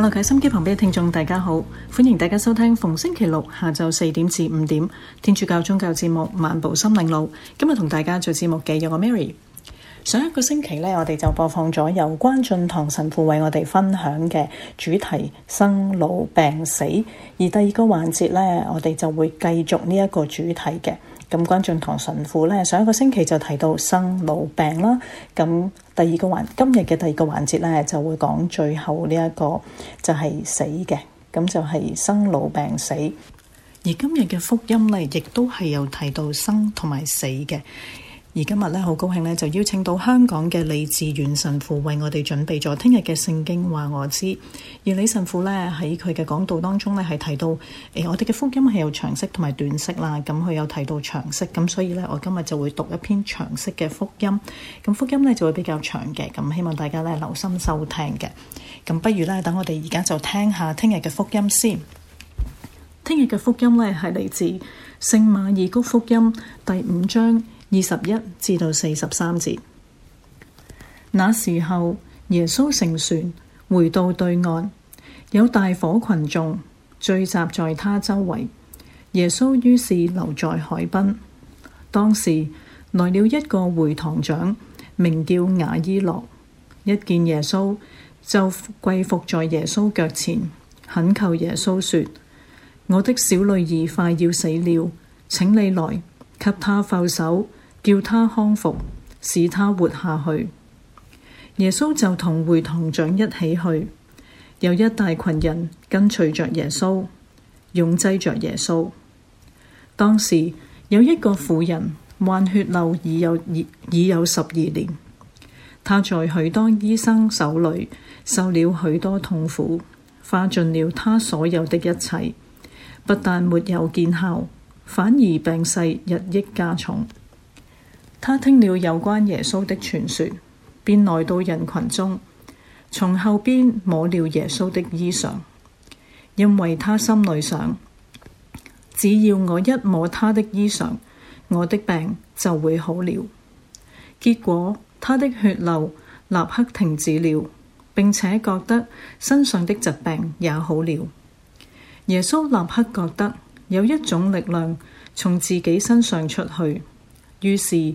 Hello，各位心機旁邊嘅聽眾，大家好，歡迎大家收聽逢星期六下晝四點至五點天主教宗教節目《漫步心靈路》。今日同大家做節目嘅有個 Mary。上一個星期呢，我哋就播放咗有關進堂神父為我哋分享嘅主題生老病死，而第二個環節呢，我哋就會繼續呢一個主題嘅。咁關俊棠神父咧，上一個星期就提到生老病啦。咁第二個環，今日嘅第二個環節咧，就會講最後呢一個就係死嘅。咁就係生老病死。而今日嘅福音咧，亦都係有提到生同埋死嘅。而今日咧好高興咧，就邀請到香港嘅李志遠神父為我哋準備咗聽日嘅聖經話我知。而李神父咧，喺佢嘅講道當中咧係提到誒，我哋嘅福音係有長式同埋短式啦。咁佢有提到長式，咁所以咧我今日就會讀一篇長式嘅福音。咁福音咧就會比較長嘅，咁希望大家咧留心收聽嘅。咁不如咧等我哋而家就聽下聽日嘅福音先。聽日嘅福音咧係嚟自聖馬爾谷福音第五章，二十一至到四十三節。那時候耶穌乘船回到對岸，有大夥群眾聚集在他周圍。耶穌於是留在海濱。當時來了一個會堂長，名叫雅依洛。一見耶穌就跪伏在耶穌腳前，懇求耶穌說：我的小女兒快要死了，請你來給她覆手。叫他康復，使他活下去。耶穌就同會堂長一起去，有一大群人跟隨着耶穌，擁擠着耶穌。當時有一個婦人患血漏已有已有十二年，她在許多醫生手裏受了許多痛苦，花盡了她所有的一切，不但沒有見效，反而病勢日益加重。他聽了有關耶穌的傳說，便來到人群中，從後邊摸了耶穌的衣裳，因為他心裏想，只要我一摸他的衣裳，我的病就會好了。結果他的血流立刻停止了，並且覺得身上的疾病也好了。耶穌立刻覺得有一種力量從自己身上出去，於是。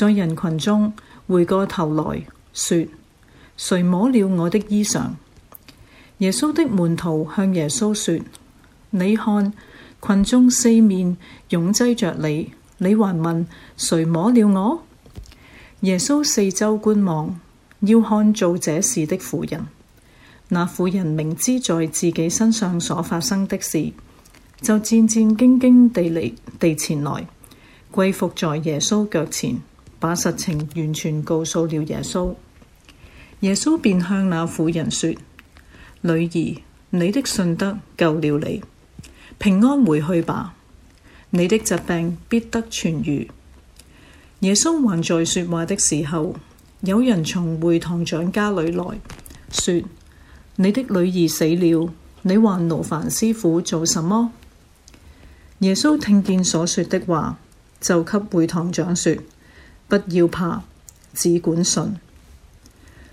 在人群中回過頭來說：誰摸了我的衣裳？耶穌的門徒向耶穌說：你看，群眾四面擁擠着你，你還問誰摸了我？耶穌四周觀望，要看做這事的婦人。那婦人明知在自己身上所發生的事，就戰戰兢兢地嚟地前來，跪伏在耶穌腳前。把實情完全告訴了耶穌，耶穌便向那婦人說：女兒，你的信德救了你，平安回去吧，你的疾病必得痊愈。耶穌還在說話的時候，有人從會堂長家裏來說：你的女兒死了，你還勞煩師傅做什麼？耶穌聽見所說的話，就給會堂長說。不要怕，只管信。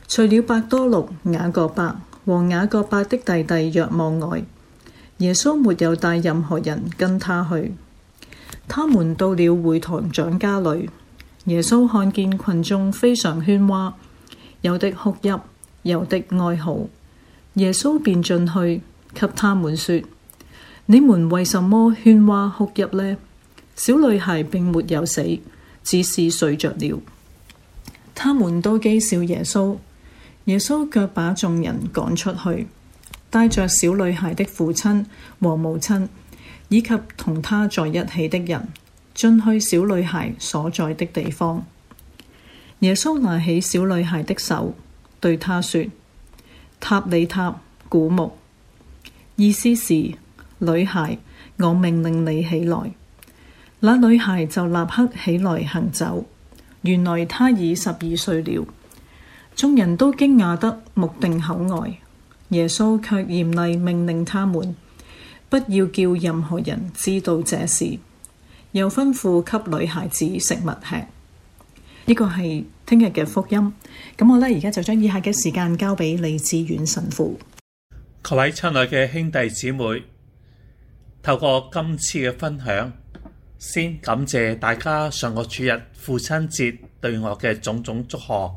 除了伯多祿、雅各伯和雅各伯的弟弟若望外，耶穌沒有帶任何人跟他去。他們到了會堂長家裏，耶穌看見群眾非常喧譁，有的哭泣，有的哀嚎。耶穌便進去，給他們說：你們為什麼喧譁哭泣呢？小女孩並沒有死。只是睡着了，他們都譏笑耶穌。耶穌卻把眾人趕出去，帶着小女孩的父親和母親，以及同她在一起的人，進去小女孩所在的地方。耶穌拿起小女孩的手，對她說：塔里塔古木。意思是女孩，我命令你起來。那女孩就立刻起來行走，原來她已十二歲了。眾人都驚訝得目定口呆，耶穌卻嚴厲命，命令他們不要叫任何人知道這事，又吩咐給女孩子食物吃。呢、這個係聽日嘅福音。咁我呢，而家就將以下嘅時間交俾李志遠神父。各位親愛嘅兄弟姊妹，透過今次嘅分享，先感謝大家上個主日父親節對我嘅種種祝賀。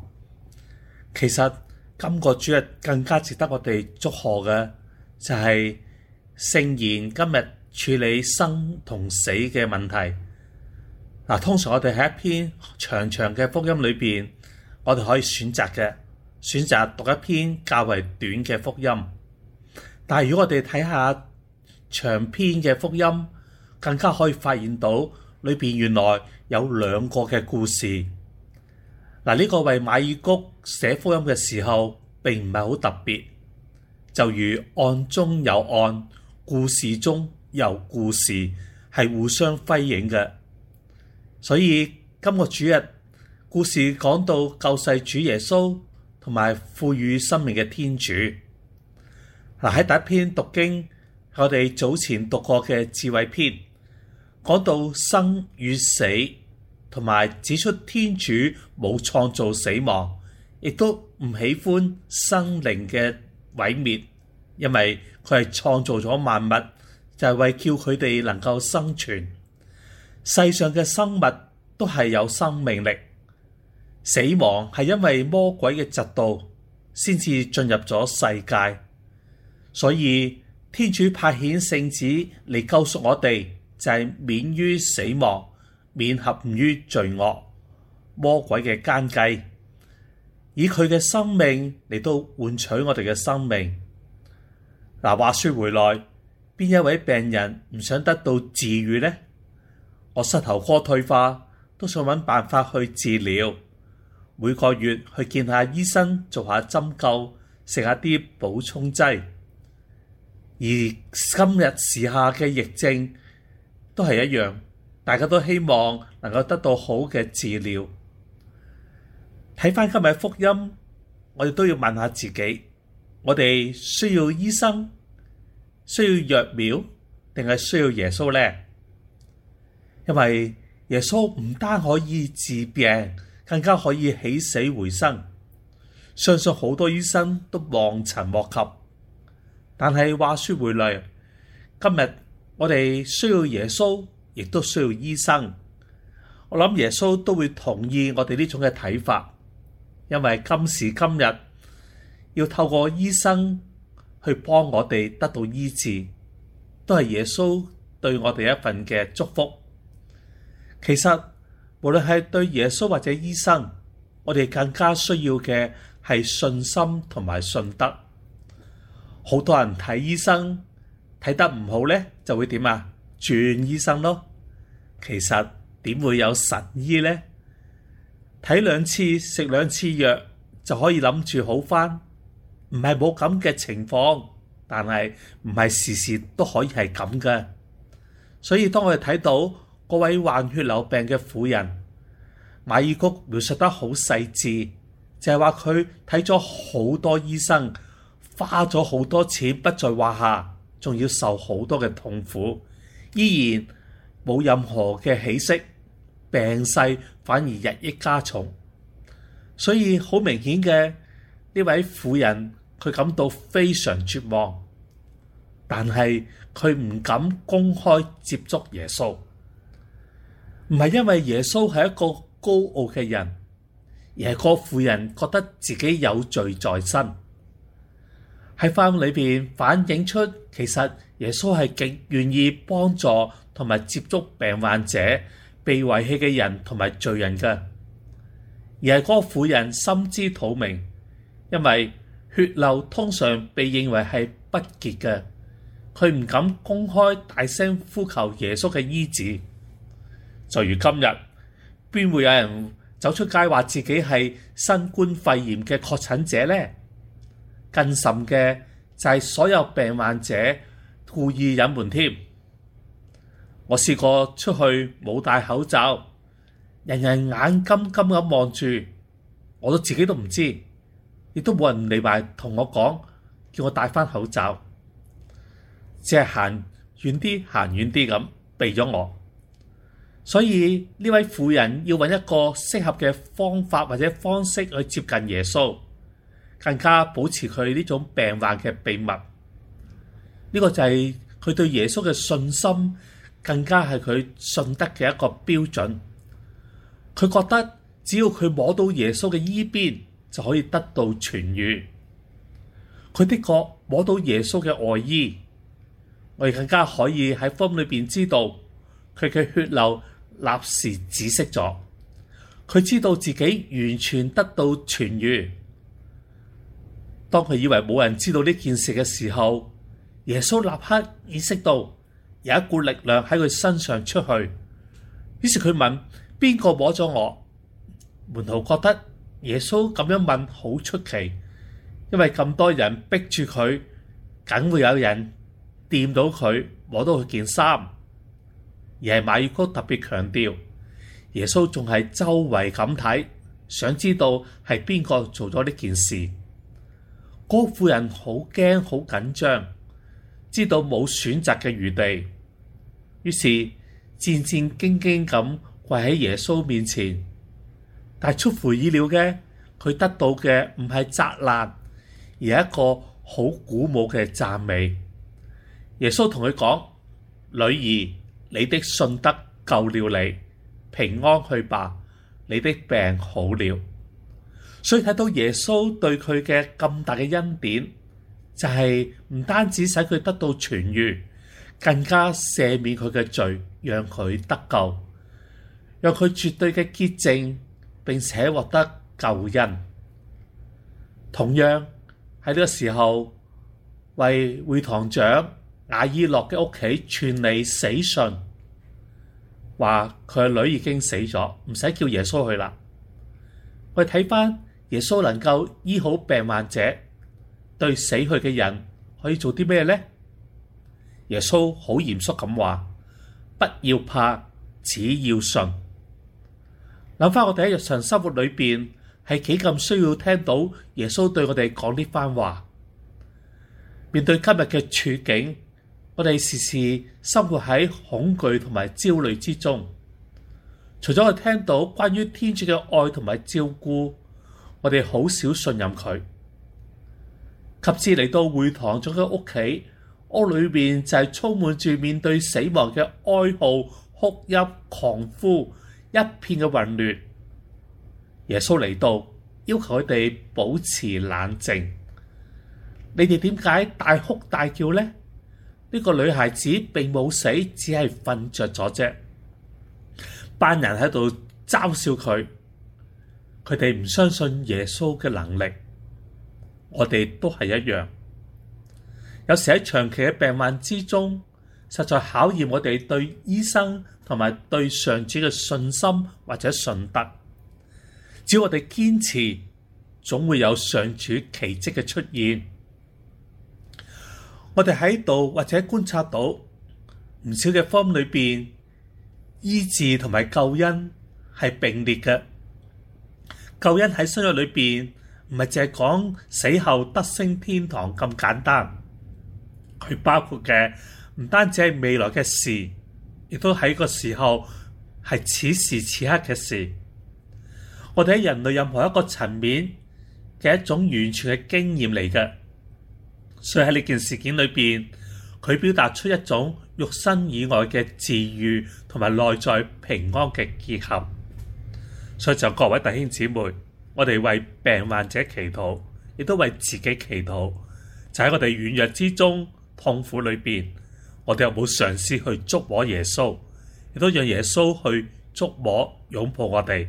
其實今個主日更加值得我哋祝賀嘅，就係、是、聖言今日處理生同死嘅問題。嗱，通常我哋喺一篇長長嘅福音裏邊，我哋可以選擇嘅，選擇讀一篇較為短嘅福音。但係如果我哋睇下長篇嘅福音，更加可以發現到裏邊原來有兩個嘅故事。嗱，呢個為馬爾谷寫福音嘅時候並唔係好特別，就如案中有案，故事中有故事，係互相輝映嘅。所以今個主日，故事講到救世主耶穌同埋賦予生命嘅天主。嗱，喺第一篇讀經，我哋早前讀過嘅智慧篇。講到生與死，同埋指出天主冇創造死亡，亦都唔喜歡生靈嘅毀滅，因為佢係創造咗萬物，就係、是、為叫佢哋能夠生存。世上嘅生物都係有生命力，死亡係因為魔鬼嘅嫉妒先至進入咗世界，所以天主派遣聖，聖旨嚟救贖我哋。就係免於死亡，免合唔於罪惡魔鬼嘅奸計，以佢嘅生命嚟到換取我哋嘅生命。嗱，話說回來，邊一位病人唔想得到治癒呢？我膝頭哥退化都想搵辦法去治療，每個月去見下醫生，做下針灸，食下啲補充劑。而今日時下嘅疫症。都係一樣，大家都希望能夠得到好嘅治療。睇返今日福音，我哋都要問下自己：我哋需要醫生、需要藥苗，定係需要耶穌呢？因為耶穌唔單可以治病，更加可以起死回生。相信好多醫生都望塵莫及。但係話說回來，今日。我哋需要耶穌，亦都需要醫生。我諗耶穌都會同意我哋呢種嘅睇法，因為今時今日，要透過醫生去幫我哋得到醫治，都係耶穌對我哋一份嘅祝福。其實，無論係對耶穌或者醫生，我哋更加需要嘅係信心同埋信德。好多人睇醫生。睇得唔好咧，就會點啊？轉醫生咯。其實點會有神醫咧？睇兩次，食兩次藥就可以諗住好返，唔係冇咁嘅情況，但係唔係時時都可以係咁嘅。所以當我哋睇到嗰位患血瘤病嘅婦人，馬爾谷描述得好細緻，就係話佢睇咗好多醫生，花咗好多錢，不在話下。仲要受好多嘅痛苦，依然冇任何嘅起色，病勢反而日益加重。所以好明顯嘅，呢位婦人，佢感到非常絕望，但係佢唔敢公開接觸耶穌，唔係因為耶穌係一個高傲嘅人，而係個婦人覺得自己有罪在身。喺翻裏邊反映出，其實耶穌係極願意幫助同埋接觸病患者、被遺棄嘅人同埋罪人嘅。而係嗰個婦人心知肚明，因為血漏通常被認為係不潔嘅，佢唔敢公開大聲呼求耶穌嘅醫治。就如今日，邊會有人走出街話自己係新冠肺炎嘅確診者呢？更甚嘅就係所有病患者故意隱瞞添。我試過出去冇戴口罩，人人眼金金咁望住，我都自己都唔知，亦都冇人嚟，埋同我講，叫我戴翻口罩，只係行遠啲，行遠啲咁避咗我。所以呢位婦人要搵一個適合嘅方法或者方式去接近耶穌。更加保持佢呢種病患嘅秘密，呢、這個就係佢對耶穌嘅信心，更加係佢信德嘅一個標準。佢覺得只要佢摸到耶穌嘅衣邊就可以得到痊愈。佢的確摸到耶穌嘅外衣，我哋更加可以喺風裏邊知道佢嘅血流立時止息咗。佢知道自己完全得到痊愈。當佢以為冇人知道呢件事嘅時候，耶穌立刻意識到有一股力量喺佢身上出去。於是佢問：邊個摸咗我？門徒覺得耶穌咁樣問好出奇，因為咁多人逼住佢，梗會有人掂到佢摸到佢件衫。而係馬爾谷特別強調，耶穌仲係周圍咁睇，想知道係邊個做咗呢件事。嗰婦人好驚好緊張，知道冇選擇嘅餘地，於是戰戰兢兢咁跪喺耶穌面前。但出乎意料嘅，佢得到嘅唔係責難，而係一個好鼓舞嘅讚美。耶穌同佢講：「女兒，你的信德救了你，平安去吧，你的病好了。所以睇到耶穌對佢嘅咁大嘅恩典，就係唔單止使佢得到痊愈，更加赦免佢嘅罪，讓佢得救，讓佢絕對嘅潔淨，並且獲得救恩。同樣喺呢個時候，為會堂長雅伊洛嘅屋企傳嚟死訊，話佢嘅女已經死咗，唔使叫耶穌去啦。我哋睇翻。耶穌能夠醫好病患者，對死去嘅人可以做啲咩呢？耶穌好嚴肅咁話：「不要怕，只要信。」諗翻我哋喺日常生活裏邊係幾咁需要聽到耶穌對我哋講呢番話。面對今日嘅處境，我哋時時生活喺恐懼同埋焦慮之中。除咗我哋聽到關於天主嘅愛同埋照顧，我哋好少信任佢，及至嚟到會堂，咗嘅屋企，屋裏面就係充滿住面對死亡嘅哀號、哭泣、狂呼，一片嘅混亂。耶穌嚟到，要求佢哋保持冷靜。你哋點解大哭大叫咧？呢、呢個女孩子並冇死，只係瞓着咗啫。班人喺度嘲笑佢。佢哋唔相信耶穌嘅能力，我哋都係一樣。有時喺長期嘅病患之中，實在考驗我哋對醫生同埋對上主嘅信心或者信德。只要我哋堅持，總會有上主奇蹟嘅出現。我哋喺度或者觀察到唔少嘅方裏邊，醫治同埋救恩係並列嘅。救恩喺新約裏邊唔係淨係講死後得升天堂咁簡單，佢包括嘅唔單止係未來嘅事，亦都喺個時候係此時此刻嘅事。我哋喺人類任何一個層面嘅一種完全嘅經驗嚟嘅，所以喺呢件事件裏邊，佢表達出一種肉身以外嘅治癒同埋內在平安嘅結合。所以就各位弟兄姊妹，我哋為病患者祈禱，亦都為自己祈禱。就喺我哋軟弱之中、痛苦裏邊，我哋有冇嘗試去捉摸耶穌？亦都讓耶穌去捉摸、擁抱我哋，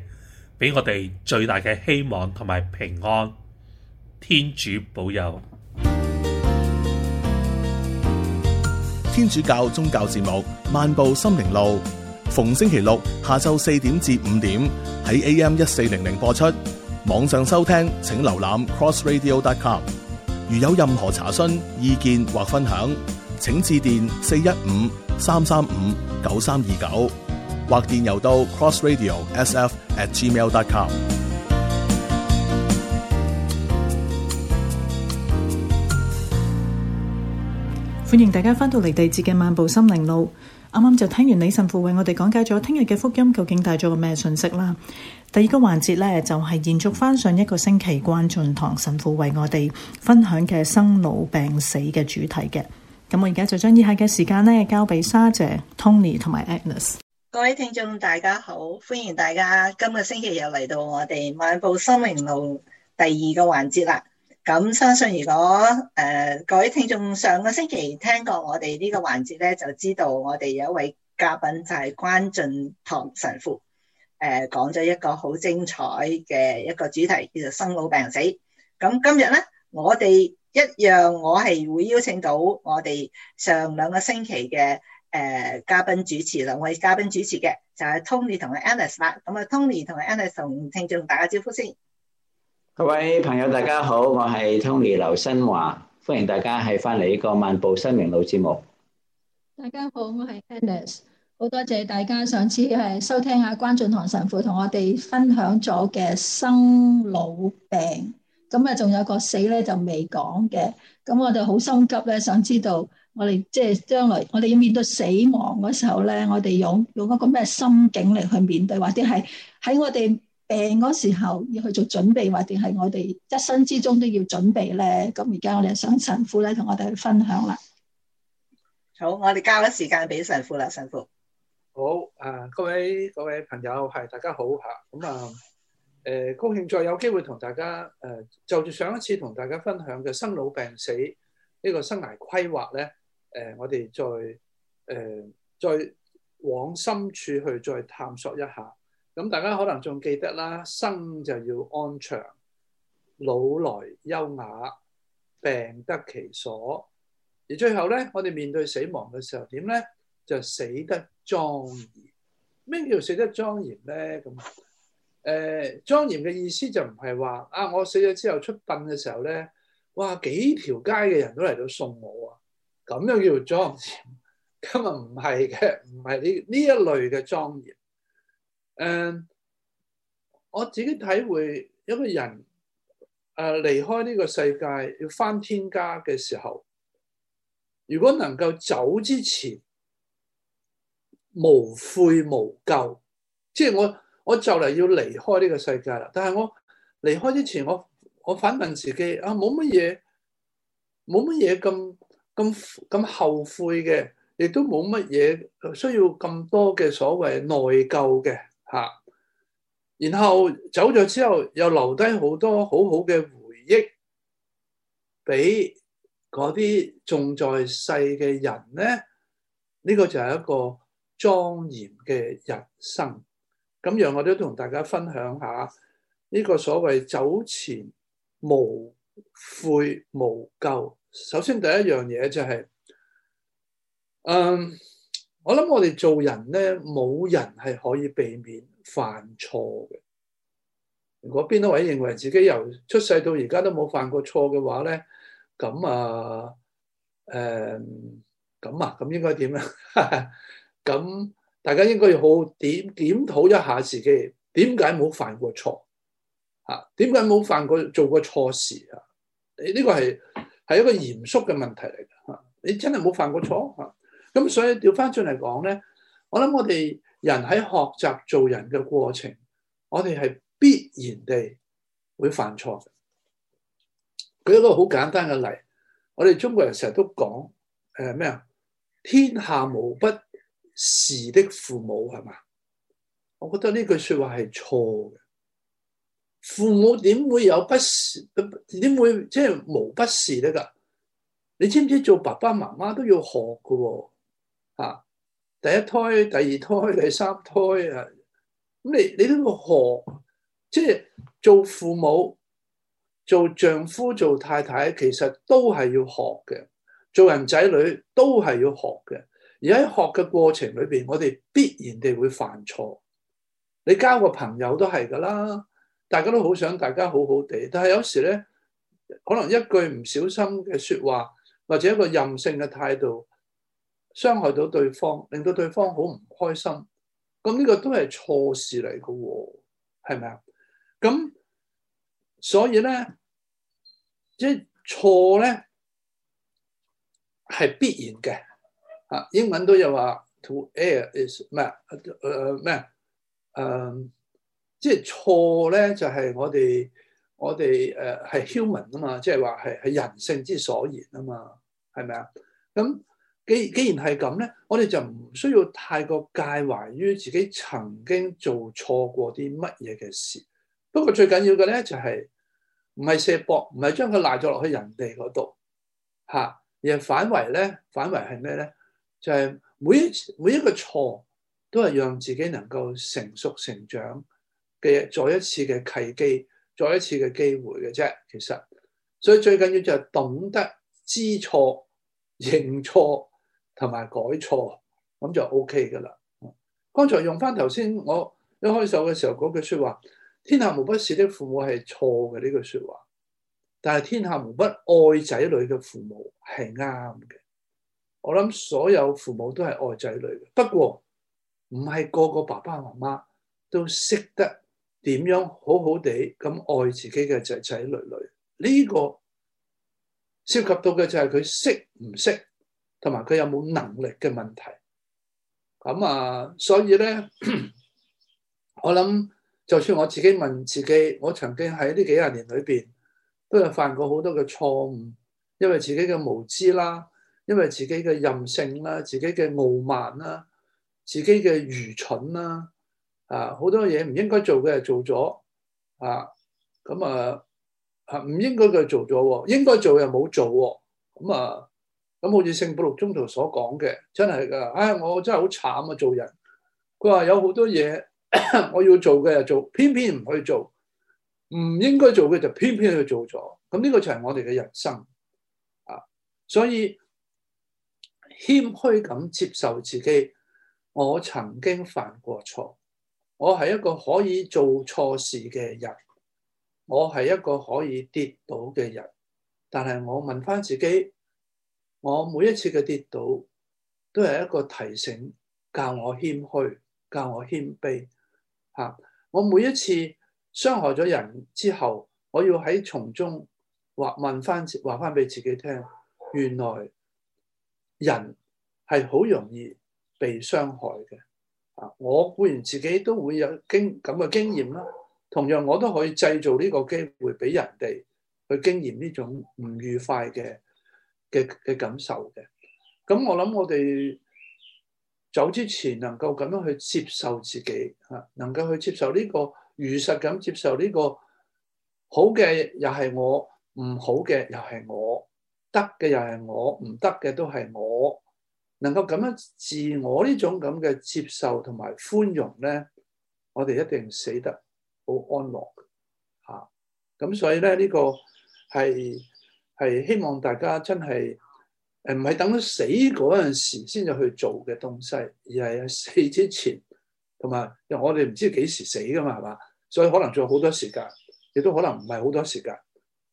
俾我哋最大嘅希望同埋平安。天主保佑！天主教宗教節目《漫步心靈路》。逢星期六下晝四點至五點喺 AM 一四零零播出，網上收聽請瀏覽 crossradio.com。如有任何查詢、意見或分享，請致電四一五三三五九三二九，或電郵到 crossradio.sf@gmail.com。歡迎大家翻到嚟地節嘅漫步心靈路。啱啱就聽完李神父為我哋講解咗聽日嘅福音究竟帶咗個咩信息啦。第二個環節咧就係、是、延續翻上一個星期關俊棠神父為我哋分享嘅生老病死嘅主題嘅。咁我而家就將以下嘅時間咧交俾莎姐 Tony 同埋 Agnes。各位聽眾大家好，歡迎大家今個星期又嚟到我哋漫步心靈路第二個環節啦。咁相信如果誒、呃、各位聽眾上個星期聽過我哋呢個環節咧，就知道我哋有一位嘉賓就係關進堂神父，誒講咗一個好精彩嘅一個主題，叫做生老病死。咁今日咧，我哋一樣我係會邀請到我哋上兩個星期嘅誒、呃、嘉賓主持兩位嘉賓主持嘅，就係、是、Tony 同埋 Alice 啦。咁啊，Tony 同埋 Alice 同聽眾打個招呼先。各位朋友，大家好，我係 Tony 劉新華，歡迎大家係翻嚟呢個漫步生命路節目。大家好，我係 Anders 好多謝大家上次係收聽下關俊棠神父同我哋分享咗嘅生老病，咁啊仲有個死咧就未講嘅，咁我哋好心急咧，想知道我哋即係將來我哋要面對死亡嗰時候咧，我哋用用一個咩心境嚟去面對，或者係喺我哋？病嗰時候要去做準備，或定係我哋一生之中都要準備咧？咁而家我哋想神父咧同我哋去分享啦。好，我哋交咗時間俾神父啦，神父。好啊，各位各位朋友係大家好吓，咁啊，誒，高興再有機會同大家誒、啊，就住上一次同大家分享嘅生老病死呢、這個生涯規劃咧，誒、啊，我哋再誒、啊、再往深處去再探索一下。咁大家可能仲記得啦，生就要安詳，老來優雅，病得其所，而最後咧，我哋面對死亡嘅時候點咧，就死得莊嚴。咩叫死得莊嚴咧？咁、嗯、誒，莊嚴嘅意思就唔係話啊，我死咗之後出殯嘅時候咧，哇幾條街嘅人都嚟到送我啊，咁樣叫做莊嚴，咁啊唔係嘅，唔係呢呢一類嘅莊嚴。誒，And, 我自己體會，一個人誒、呃、離開呢個世界要返天家嘅時候，如果能夠走之前無悔無咎，即係我我就嚟要離開呢個世界啦。但係我離開之前，我我反問自己啊，冇乜嘢，冇乜嘢咁咁咁後悔嘅，亦都冇乜嘢需要咁多嘅所謂內疚嘅。吓，然後走咗之後，又留低好多好好嘅回憶，俾嗰啲仲在世嘅人咧，呢、呢個就係一個莊嚴嘅人生。咁讓我都都同大家分享下呢個所謂「走前無悔無咎」。首先第一樣嘢就係、是，嗯。我諗我哋做人咧，冇人係可以避免犯錯嘅。如果邊一位認為自己由出世到而家都冇犯過錯嘅話咧，咁啊，誒、嗯，咁啊，咁應該點咧？咁 大家應該要好好點檢討一下自己，點解冇犯過錯？吓，點解冇犯過做過錯事啊？你、這、呢個係係一個嚴肅嘅問題嚟嘅吓，你真係冇犯過錯吓？咁所以調翻轉嚟講咧，我諗我哋人喺學習做人嘅過程，我哋係必然地會犯錯嘅。舉一個好簡單嘅例，我哋中國人成日都講誒咩啊？天下無不是的父母係嘛？我覺得呢句説話係錯嘅。父母點會有不是？點會即係無不是咧？噶，你知唔知做爸爸媽媽都要學嘅喎、哦？第一胎、第二胎、第三胎啊！咁你你都要學，即係做父母、做丈夫、做太太，其實都係要學嘅。做人仔女都係要學嘅，而喺學嘅過程裏邊，我哋必然地會犯錯。你交個朋友都係噶啦，大家都好想大家好好地，但係有時咧，可能一句唔小心嘅說話，或者一個任性嘅態度。傷害到對方，令到對方好唔開心，咁呢個都係錯事嚟噶喎，係咪啊？咁所以咧，即係錯咧係必然嘅。啊英文都有話 to err is 唔誒咩誒，即係錯咧就係我哋我哋誒係 human 啊嘛，即係話係係人性之所言啊嘛，係咪啊？咁既既然係咁咧，我哋就唔需要太過介懷於自己曾經做錯過啲乜嘢嘅事。不過最緊要嘅咧就係唔係卸膊，唔係將佢賴咗落去人哋嗰度嚇，而係反為咧，反為係咩咧？就係、是、每一每一個錯都係讓自己能夠成熟成長嘅再一次嘅契機，再一次嘅機會嘅啫。其實，所以最緊要就係懂得知錯、認錯。同埋改錯，咁就 OK 㗎喇。剛才用翻頭先我一開手嘅時候嗰句説話：天下無不是的父母係錯嘅呢句説話，但係天下無不愛仔女嘅父母係啱嘅。我諗所有父母都係愛仔女嘅，不過唔係個個爸爸媽媽都識得點樣好好地咁愛自己嘅仔仔女女。呢個涉及到嘅就係佢識唔識？同埋佢有冇能力嘅問題？咁啊，所以咧， 我諗就算我自己問自己，我曾經喺呢幾廿年裏邊，都有犯過好多嘅錯誤，因為自己嘅無知啦，因為自己嘅任性啦，自己嘅傲慢啦，自己嘅愚蠢啦，啊，好多嘢唔應該做嘅做咗啊，咁啊，係、啊、唔應該佢做咗，應該做嘅又冇做，咁啊。啊咁好似聖保祿宗徒所講嘅，真係噶，唉、哎，我真係好慘啊！做人，佢話有好多嘢 我要做嘅又做，偏偏唔去做，唔應該做嘅就偏偏去做咗。咁呢個就係我哋嘅人生啊！所以謙虛咁接受自己，我曾經犯過錯，我係一個可以做錯事嘅人，我係一個可以跌倒嘅人，但係我問翻自己。我每一次嘅跌倒，都係一個提醒，教謙虛，教我謙虛，教我謙卑。吓，我每一次傷害咗人之後，我要喺從中話問翻、話翻俾自己聽，原來人係好容易被傷害嘅。啊，我固然自己都會有經咁嘅經驗啦，同樣我都可以製造呢個機會俾人哋去經驗呢種唔愉快嘅。嘅嘅感受嘅，咁我諗我哋走之前能夠咁樣去接受自己吓，能夠去接受呢個如實咁接受呢個好嘅又係我，唔好嘅又係我，得嘅又係我，唔得嘅都係我，能夠咁樣自我呢種咁嘅接受同埋寬容咧，我哋一定死得好安樂嘅吓，咁所以咧呢個係。係希望大家真係誒，唔係等到死嗰陣時先就去做嘅東西，而係喺死之前，同埋因為我哋唔知幾時死噶嘛，係嘛，所以可能仲有好多時間，亦都可能唔係好多時間。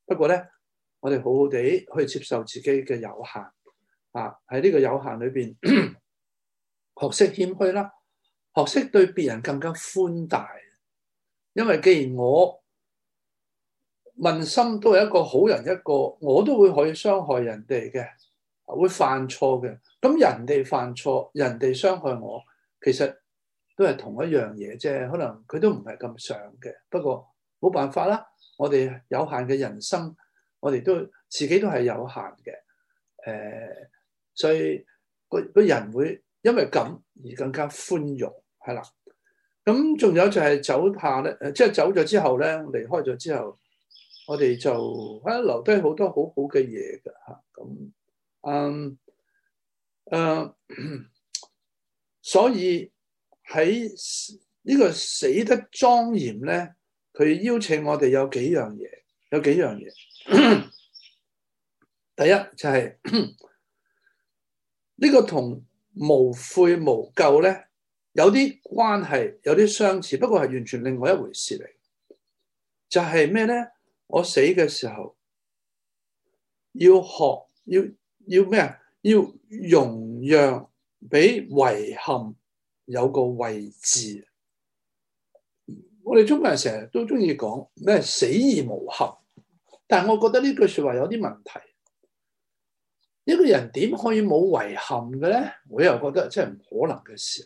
不過咧，我哋好好地去接受自己嘅有限啊，喺呢個有限裏邊， 學識謙虛啦，學識對別人更加寬大，因為既然我。問心都係一個好人一個，我都會可以傷害人哋嘅，會犯錯嘅。咁人哋犯錯，人哋傷害我，其實都係同一樣嘢啫。可能佢都唔係咁想嘅，不過冇辦法啦。我哋有限嘅人生，我哋都自己都係有限嘅。誒，所以個個人會因為咁而更加寬容，係啦。咁仲有就係走下咧，即係走咗之後咧，離開咗之後。我哋就啊留低好多好好嘅嘢噶嚇，咁嗯誒、嗯，所以喺呢個死得莊嚴咧，佢邀請我哋有幾樣嘢，有幾樣嘢。 第一就係、是、呢、 呢個同無悔無咎咧有啲關係，有啲相似，不過係完全另外一回事嚟。就係咩咧？我死嘅時候要學要要咩啊？要容讓俾遺憾有個位置。我哋中國人成日都中意講咩死而無憾，但係我覺得呢句說話有啲問題。一個人點可以冇遺憾嘅咧？我又覺得真係唔可能嘅事，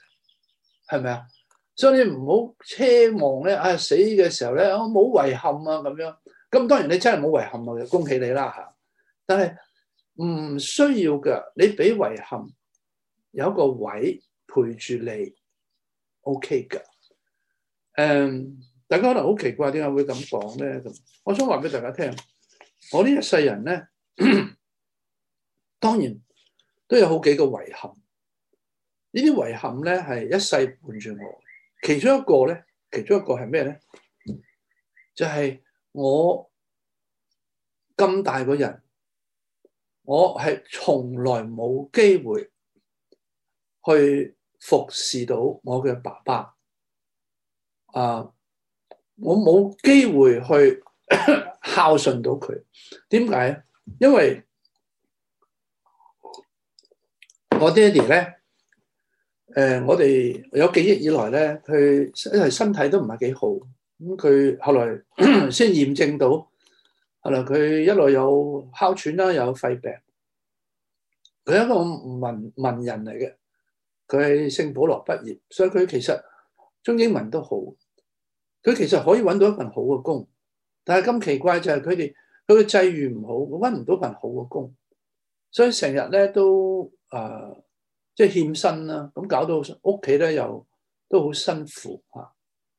係咪啊？所以你唔好奢望咧，啊死嘅時候咧，我冇遺憾啊咁樣。咁當然你真係冇遺憾，我就恭喜你啦吓！但係唔需要嘅，你俾遺憾有一個位陪住你，OK 噶。誒、嗯，大家可能好奇怪點解會咁講咧？咁我想話俾大家聽，我呢一世人咧，當然都有好幾個遺憾。遺憾，呢啲遺憾咧係一世伴住我，其中一個咧，其中一個係咩咧？就係、是。我咁大個人，我係從來冇機會去服侍到我嘅爸爸。啊、uh,，我冇機會去 孝順到佢。點解？因為我爹哋咧，誒、呃，我哋有記憶以來咧，佢係身體都唔係幾好。咁佢、嗯、後來 先驗證到，後來佢一路有哮喘啦，有肺病。佢一個文文人嚟嘅，佢係聖保羅畢業，所以佢其實中英文都好。佢其實可以揾到一份好嘅工，但係咁奇怪就係佢哋佢嘅際遇唔好，揾唔到份好嘅工，所以成日咧都誒即係欠薪啦，咁搞到屋企咧又都好辛苦嚇。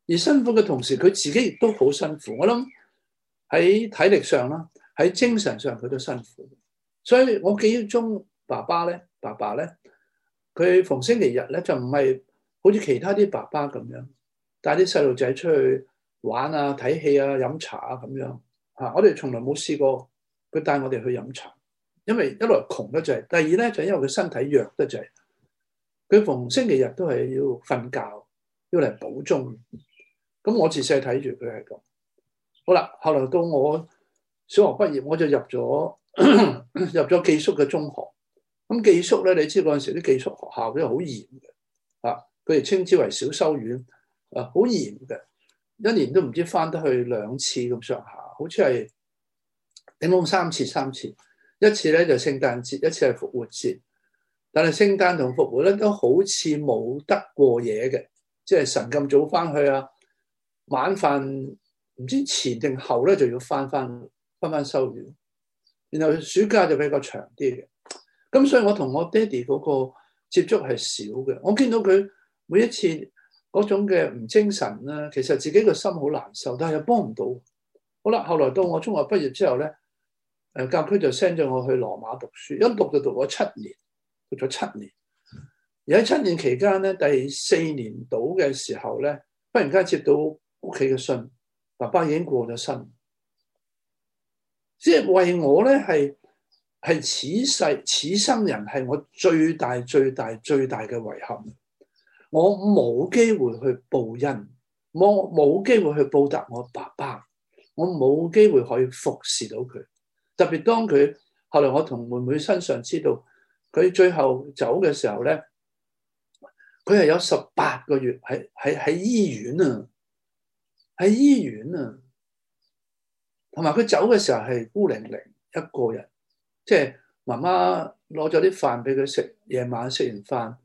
而辛苦嘅同時，佢自己亦都好辛苦。我諗喺體力上啦，喺精神上佢都辛苦。所以我記憶中，爸爸咧，爸爸咧，佢逢星期日咧就唔係好似其他啲爸爸咁樣帶啲細路仔出去玩啊、睇戲啊、飲茶啊咁樣。吓，我哋從來冇試過佢帶我哋去飲茶，因為一來窮得滯，第二咧就因為佢身體弱得滯，佢逢星期日都係要瞓覺，要嚟補鐘。咁我自細睇住佢係咁，好啦，後來到我小學畢業，我就入咗 入咗寄宿嘅中學。咁寄宿咧，你知嗰陣時啲寄宿學校咧好嚴嘅啊，佢哋稱之為小修院啊，好嚴嘅，一年都唔知翻得去兩次咁上下，好似係頂多三次、三次，一次咧就聖誕節，一次係復活節。但係聖誕同復活咧都好似冇得過夜嘅，即係神咁早翻去啊！晚飯唔知前定後咧，就要翻翻翻翻修院。然後暑假就比較長啲嘅，咁所以我同我爹哋嗰個接觸係少嘅。我見到佢每一次嗰種嘅唔精神啦，其實自己個心好難受，但係又幫唔到。好啦，後來到我中學畢業之後咧，誒教區就 send 咗我去羅馬讀書，一讀就讀咗七年，讀咗七年。而喺七年期間咧，第四年到嘅時候咧，忽然間接到。屋企嘅信，爸爸已經過咗身，即係為我咧，係係此世此生人係我最大最大最大嘅遺憾。我冇機會去報恩，我冇機會去報答我爸爸，我冇機會可以服侍到佢。特別當佢後來我同妹妹身上知道佢最後走嘅時候咧，佢係有十八個月喺喺喺醫院啊。喺醫院啊，同埋佢走嘅時候係孤零零一個人，即係媽媽攞咗啲飯俾佢食。夜晚食完飯，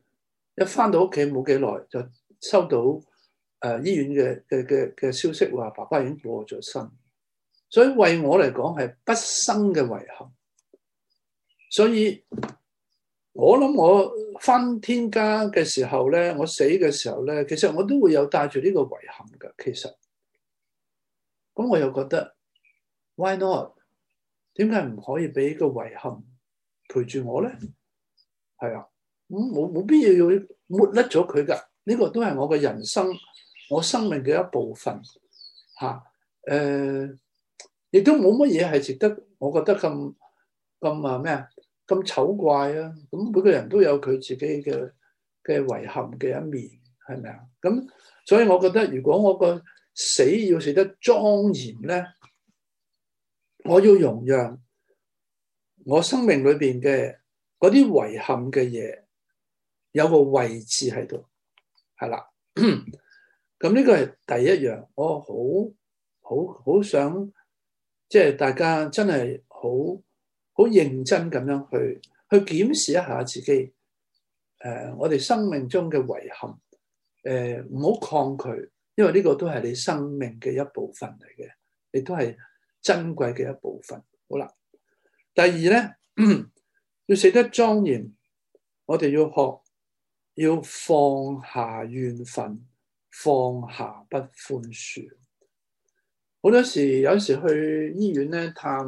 一翻到屋企冇幾耐，就收到誒、呃、醫院嘅嘅嘅嘅消息，話爸爸已經過咗身。所以為我嚟講係畢生嘅遺憾。所以，我諗我翻天家嘅時候咧，我死嘅時候咧，其實我都會有帶住呢個遺憾噶。其實。咁我又覺得，Why not？點解唔可以俾個遺憾陪住我咧？係啊，咁我冇必要要抹甩咗佢噶。呢、這個都係我嘅人生，我生命嘅一部分嚇。誒、啊，亦都冇乜嘢係值得我覺得咁咁啊咩啊咁醜怪啊！咁每個人都有佢自己嘅嘅遺憾嘅一面，係咪啊？咁所以我覺得，如果我個，死要死得莊嚴咧，我要容讓我生命裏邊嘅嗰啲遺憾嘅嘢有個位置喺度，係啦。咁 呢個係第一樣，我好好好，好想，即係大家真係好好認真咁樣去去檢視一下自己。誒、呃，我哋生命中嘅遺憾，誒唔好抗拒。因為呢個都係你生命嘅一部分嚟嘅，亦都係珍貴嘅一部分。好啦，第二咧 要死得莊嚴，我哋要學要放下怨憤，放下不寬恕。好多時有時去醫院咧探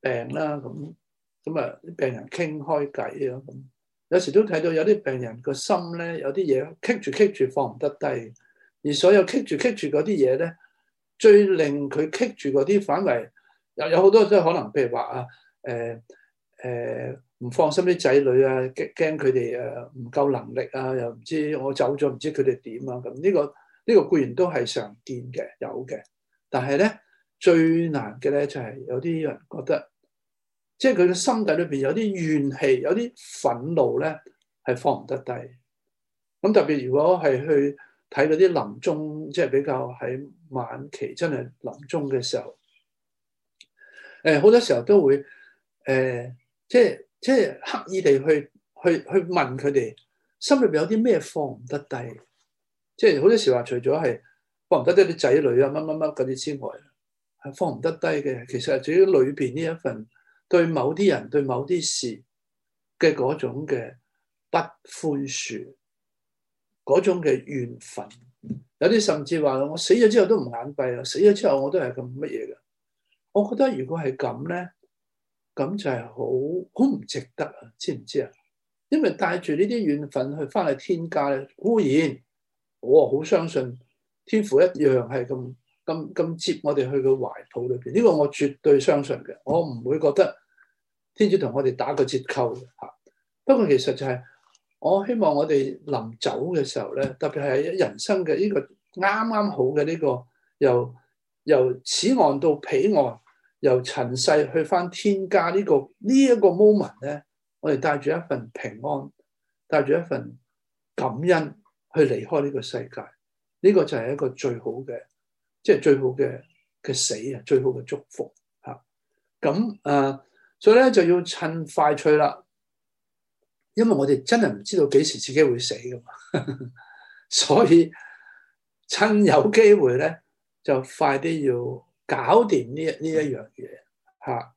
病啦，咁咁啊啲病人傾開偈啊咁，有時都睇到有啲病人個心咧有啲嘢棘住棘住，棘住放唔得低。而所有棘住棘住嗰啲嘢咧，最令佢棘住嗰啲反為又有好多即係可能，譬如話啊，誒、呃、誒，唔、呃、放心啲仔女啊，驚驚佢哋誒唔夠能力啊，又唔知我走咗唔知佢哋點啊，咁呢、呢個呢、呢個固然都係常見嘅有嘅，但係咧最難嘅咧就係有啲人覺得，即係佢嘅心底裏邊有啲怨氣，有啲憤怒咧係放唔得低。咁特別如果係去。睇到啲臨終，即係比較喺晚期，真係臨終嘅時候，誒、呃、好多時候都會誒、呃，即係即係刻意地去去去問佢哋心裏邊有啲咩放唔得低。即係好多時話除咗係放唔得低啲仔女啊、乜乜乜嗰啲之外，係放唔得低嘅。其實係至於裏邊呢一份對某啲人、對某啲事嘅嗰種嘅不寬恕。嗰種嘅怨憤，有啲甚至話：我死咗之後都唔眼閉啊！死咗之後我都係咁乜嘢嘅？我覺得如果係咁咧，咁就係好好唔值得啊！知唔知啊？因為帶住呢啲怨憤去翻去天家，咧，固然我好相信天父一樣係咁咁咁接我哋去佢懷抱裏邊。呢個我絕對相信嘅，我唔會覺得天主同我哋打個折扣嚇。不過其實就係。我希望我哋臨走嘅時候咧，特別係人生嘅呢、這個啱啱好嘅呢、這個，由由此岸到彼岸，由塵世去返天家、這個這個、呢個呢一個 moment 咧，我哋帶住一份平安，帶住一份感恩去離開呢個世界，呢、這個就係一個最好嘅，即係最好嘅嘅死啊，最好嘅祝福吓。咁誒、呃，所以咧就要趁快脆啦。因為我哋真係唔知道幾時自己會死噶嘛， 所以趁有機會咧，就快啲要搞掂呢一呢一樣嘢吓。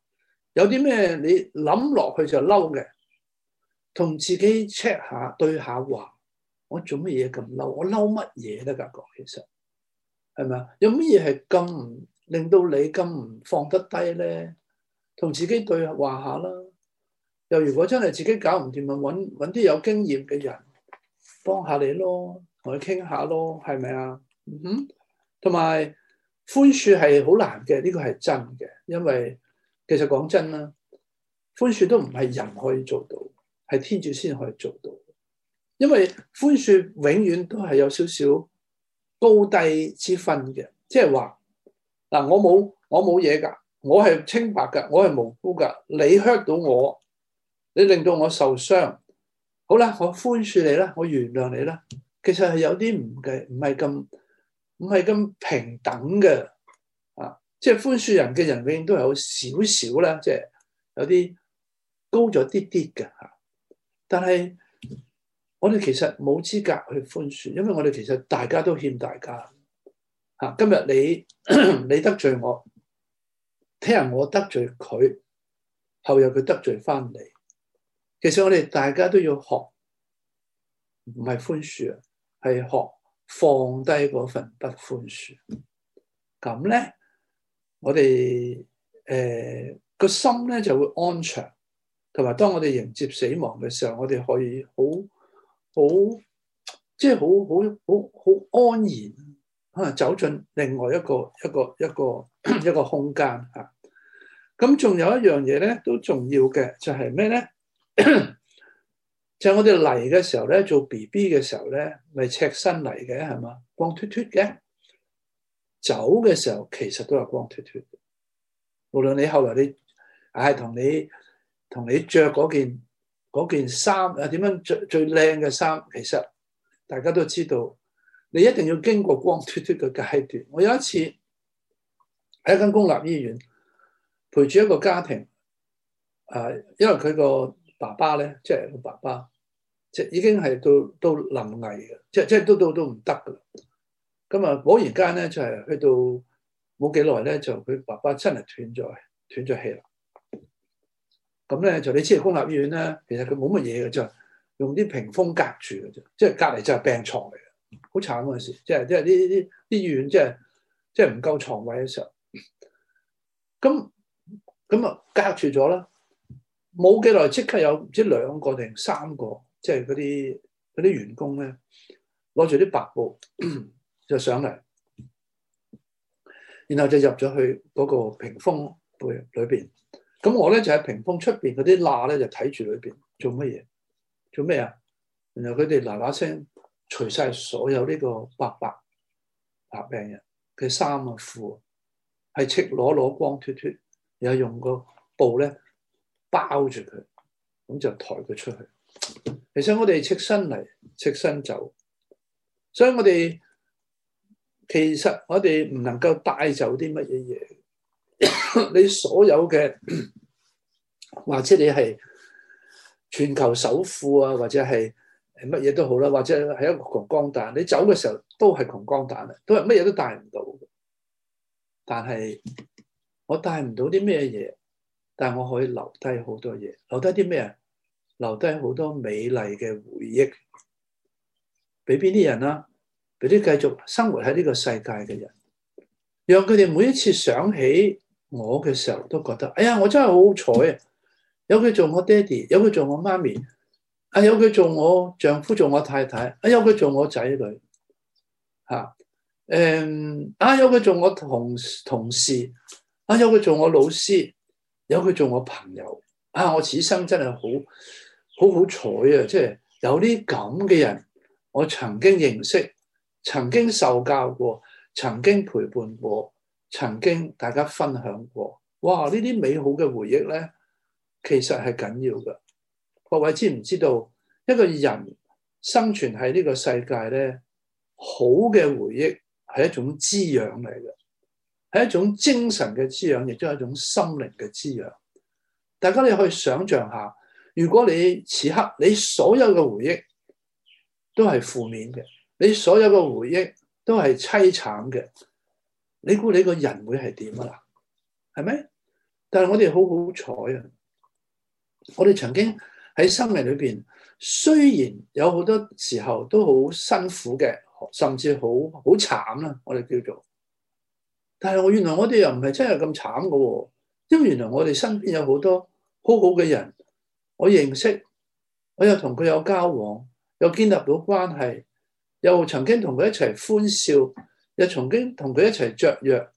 有啲咩你諗落去就嬲嘅，同自己 check 下對下話。我做乜嘢咁嬲？我嬲乜嘢咧？噶講其實係咪啊？有乜嘢係咁唔令到你咁唔放得低咧？同自己對話下啦。又如果真係自己搞唔掂，咪揾揾啲有經驗嘅人幫下你咯，同佢傾下咯，係咪啊？嗯哼，同埋寬恕係好難嘅，呢個係真嘅，因為其實講真啦，寬恕都唔係人可以做到，係天主先可以做到。因為寬恕永遠都係有少少高低之分嘅，即係話嗱，我冇我冇嘢噶，我係清白噶，我係無辜噶，你 hurt 到我。你令到我受傷，好啦，我寬恕你啦，我原諒你啦。其實係有啲唔嘅，唔係咁唔係咁平等嘅啊！即係寬恕人嘅人，永遠都有少少啦，即係有啲高咗啲啲嘅吓。但係我哋其實冇資格去寬恕，因為我哋其實大家都欠大家吓、啊。今日你 你得罪我，聽日我得罪佢，後日佢得罪翻你。其實我哋大家都要學，唔係寬恕啊，係學放低嗰份不寬恕。咁咧，我哋誒、呃、個心咧就會安詳，同埋當我哋迎接死亡嘅時候，我哋可以好好即係好好好好安然，可能走進另外一個一個一個一個空間啊。咁仲有一樣嘢咧，都重要嘅就係咩咧？ 就係、我哋嚟嘅時候咧，做 B B 嘅時候咧，咪赤身嚟嘅係嘛，光脫脫嘅。走嘅時候其實都係光脫脫。無論你後來你，唉、哎，同你同你着嗰件嗰件衫啊，點樣着最靚嘅衫，其實大家都知道，你一定要經過光脫脫嘅階段。我有一次喺一間公立醫院陪住一個家庭，誒、呃，因為佢個。爸爸咧，即係個爸爸，即係已經係到到臨危嘅，即係即係都都都唔得嘅。咁啊，果然間咧，就係、是、去到冇幾耐咧，就佢爸爸真係斷咗斷咗氣啦。咁咧，就你知係公立醫院咧，其實佢冇乜嘢嘅，就用啲屏風隔住嘅啫，即係隔離就係病床嚟嘅，好慘，嗰陣時，即係即係啲啲啲醫院即係即係唔夠床位嘅時候，咁咁啊隔住咗啦。冇幾耐，即刻有唔知兩個定三個，即係嗰啲啲員工咧，攞住啲白布 就上嚟，然後就入咗去嗰個屏風背裏邊。咁我咧就喺屏風出邊嗰啲罅咧就睇住裏邊做乜嘢？做咩啊？然後佢哋嗱嗱聲除晒所有呢個白，白白白病人嘅衫啊褲啊，係赤裸，裸裸光脫脫，然後用個布咧。包住佢，咁就抬佢出去。其實我哋赤身嚟，赤身走，所以我哋其實我哋唔能夠帶走啲乜嘢嘢。 你所有嘅，或者你係全球首富啊，或者係係乜嘢都好啦，或者係一個窮光蛋，你走嘅時候都係窮光蛋啊，都係乜嘢都帶唔到。但係我帶唔到啲咩嘢？但我可以留低好多嘢，留低啲咩啊？留低好多美麗嘅回憶，俾邊啲人啦、啊？俾啲繼續生活喺呢個世界嘅人，讓佢哋每一次想起我嘅時候，都覺得哎呀，我真係好彩啊！有佢做我爹哋，有佢做我媽咪，啊有佢做我丈夫，做我太太，啊有佢做我仔女，嚇、啊，誒啊有佢做我同同事，啊有佢做我老師。有佢做我朋友啊！我此生真係好好好彩啊！即係有啲咁嘅人，我曾經認識，曾經受教過，曾經陪伴過，曾經大家分享過。哇！呢啲美好嘅回憶咧，其實係緊要嘅。各位知唔知道，一個人生存喺呢個世界咧，好嘅回憶係一種滋養嚟嘅。係一種精神嘅滋養，亦都係一種心靈嘅滋養。大家你可以想象下，如果你此刻你所有嘅回憶都係負面嘅，你所有嘅回憶都係凄慘嘅，你估你個人會係點啊？啦，係咪？但係我哋好好彩啊！我哋曾經喺生命裏邊，雖然有好多時候都好辛苦嘅，甚至好好慘啦，啊，我哋叫做。但係我原來我哋又唔係真係咁慘㗎喎，因為原來我哋身邊有好多好好嘅人，我認識，我又同佢有交往，又建立到關係，又曾經同佢一齊歡笑，又曾經同佢一齊雀躍，